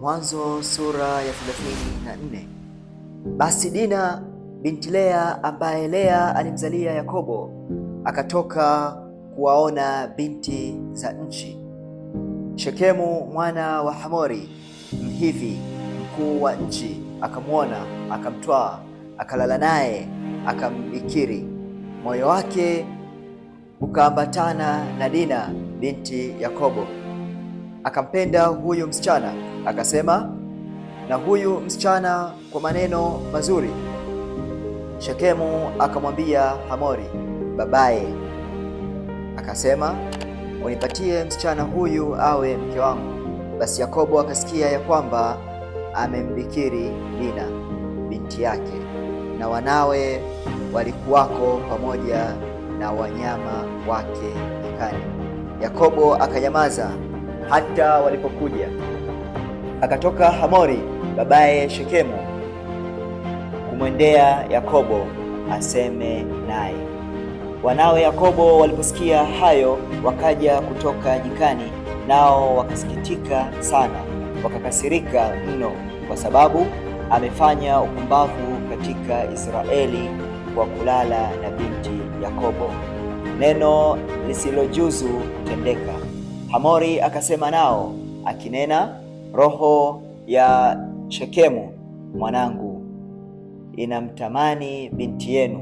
Mwanzo sura ya 34. Basi Dina binti Lea ambaye Lea alimzalia Yakobo akatoka kuwaona binti za nchi. Shekemu mwana wa Hamori Mhivi mkuu wa nchi akamwona, akamtwaa, akalala naye, akambikiri. Moyo wake ukaambatana na Dina binti Yakobo akampenda huyu msichana, akasema na huyu msichana kwa maneno mazuri. Shekemu akamwambia Hamori babaye, akasema unipatie msichana huyu awe mke wangu. Basi Yakobo akasikia ya kwamba amembikiri Dina binti yake, na wanawe walikuwako pamoja na wanyama wake nyikani. Yakobo akanyamaza hata walipokuja. Akatoka Hamori babaye Shekemu kumwendea Yakobo aseme naye. Wanawe Yakobo waliposikia hayo, wakaja kutoka jikani, nao wakasikitika sana, wakakasirika mno, kwa sababu amefanya upumbavu katika Israeli kwa kulala na binti Yakobo, neno lisilojuzu kutendeka. Hamori akasema nao akinena, roho ya Shekemu mwanangu inamtamani binti yenu,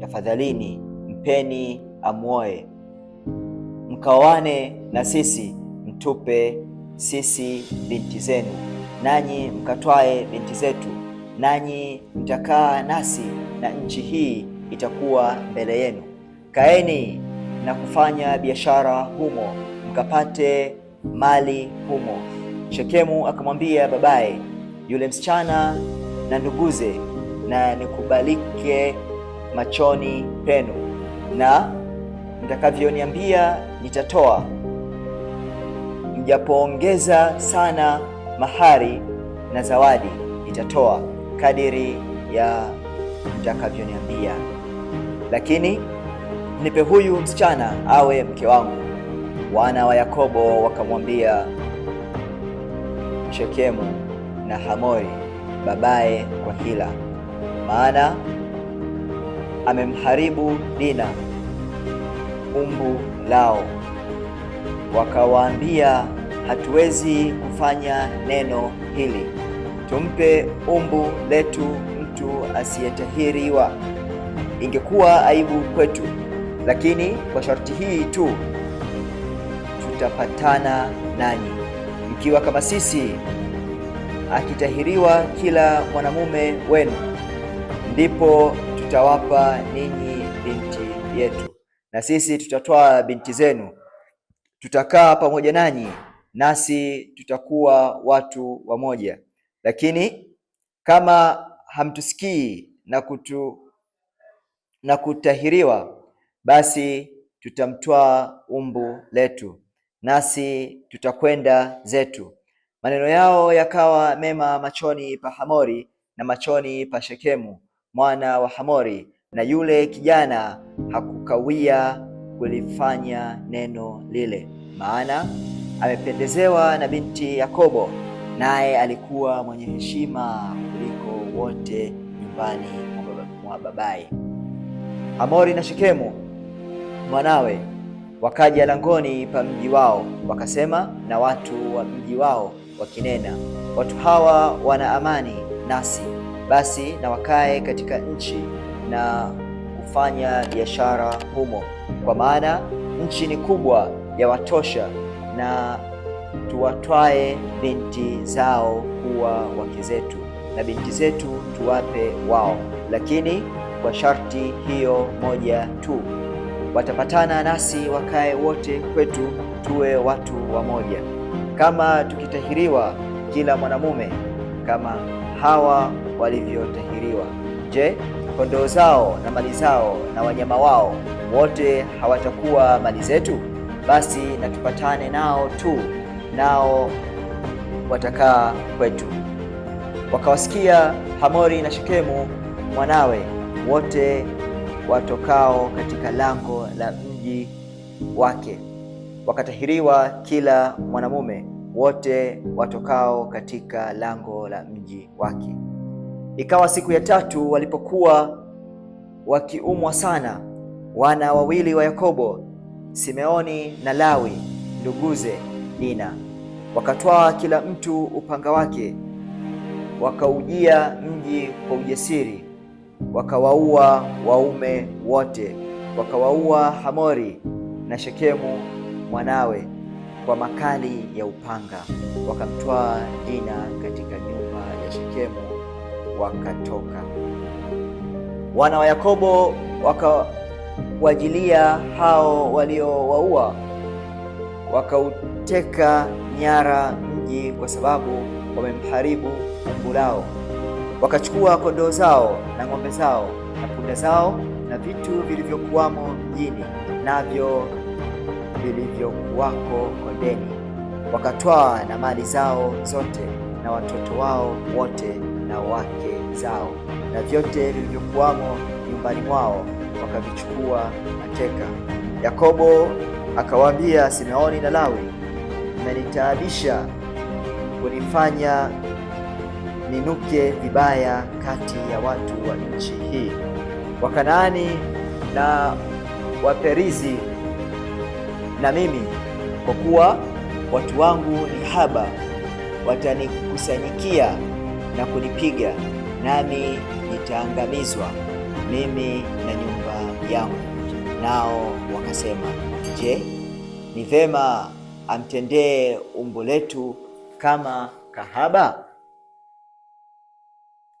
tafadhalini mpeni amwoe, mkaoane na sisi, mtupe sisi binti zenu, nanyi mkatwae binti zetu, nanyi mtakaa nasi na nchi hii itakuwa mbele yenu. Kaeni na kufanya biashara humo mkapate mali humo. Shekemu akamwambia babaye yule msichana na nduguze, na nikubalike machoni penu, na mtakavyoniambia nitatoa, mjapoongeza sana mahari na zawadi nitatoa kadiri ya mtakavyoniambia, lakini nipe huyu msichana awe mke wangu. Wana wa Yakobo wakamwambia Shekemu na Hamori babaye kwa hila, maana amemharibu Dina umbu lao. Wakawaambia, hatuwezi kufanya neno hili, tumpe umbu letu mtu asiyetahiriwa, ingekuwa aibu kwetu, lakini kwa sharti hii tu tutapatana nanyi mkiwa kama sisi, akitahiriwa kila mwanamume wenu, ndipo tutawapa ninyi binti yetu, na sisi tutatoa binti zenu. Tutakaa pamoja nanyi, nasi tutakuwa watu wamoja. Lakini kama hamtusikii na kutu na kutahiriwa, basi tutamtoa umbu letu nasi tutakwenda zetu. Maneno yao yakawa mema machoni pa Hamori na machoni pa Shekemu mwana wa Hamori, na yule kijana hakukawia kulifanya neno lile, maana amependezewa na binti Yakobo, naye alikuwa mwenye heshima kuliko wote nyumbani mwa babaye. Hamori na Shekemu mwanawe Wakaja langoni pa mji wao, wakasema na watu wa mji wao wakinena, watu hawa wana amani nasi, basi na wakae katika nchi na kufanya biashara humo, kwa maana nchi ni kubwa ya watosha, na tuwatwae binti zao kuwa wake zetu, na binti zetu tuwape wao, lakini kwa sharti hiyo moja tu watapatana nasi wakae wote kwetu, tuwe watu wamoja. Kama tukitahiriwa kila mwanamume kama hawa walivyotahiriwa, je, kondoo zao na mali zao na wanyama wao wote hawatakuwa mali zetu? Basi na tupatane nao tu, nao watakaa kwetu. Wakawasikia Hamori na Shekemu mwanawe wote watokao katika lango la mji wake, wakatahiriwa kila mwanamume wote watokao katika lango la mji wake. Ikawa siku ya tatu walipokuwa wakiumwa sana, wana wawili wa Yakobo, Simeoni na Lawi nduguze Dina, wakatwaa kila mtu upanga wake, wakaujia mji kwa ujasiri wakawaua waume wote, wakawaua Hamori na Shekemu mwanawe kwa makali ya upanga, wakamtwaa Dina katika nyumba ya Shekemu wakatoka. Wana wa Yakobo wakawajilia hao waliowaua, wakauteka nyara mji, kwa sababu wamemharibu Mungu lao. Wakachukua kondoo zao na ng'ombe zao na punda zao na vitu vilivyokuwamo mjini, navyo vilivyokuwako kondeni, wakatwaa na mali zao zote na watoto wao wote na wake zao na vyote vilivyokuwamo nyumbani mwao, wakavichukua mateka. Yakobo akawaambia Simeoni na Lawi, mmenitaabisha kunifanya ninuke vibaya kati ya watu wa nchi hii. Wakanaani na Waperizi na mimi, kwa kuwa watu wangu ni haba, watanikusanyikia na kunipiga, nami nitaangamizwa mimi na nyumba yangu. Nao wakasema, je, ni vema amtendee umbo letu kama kahaba?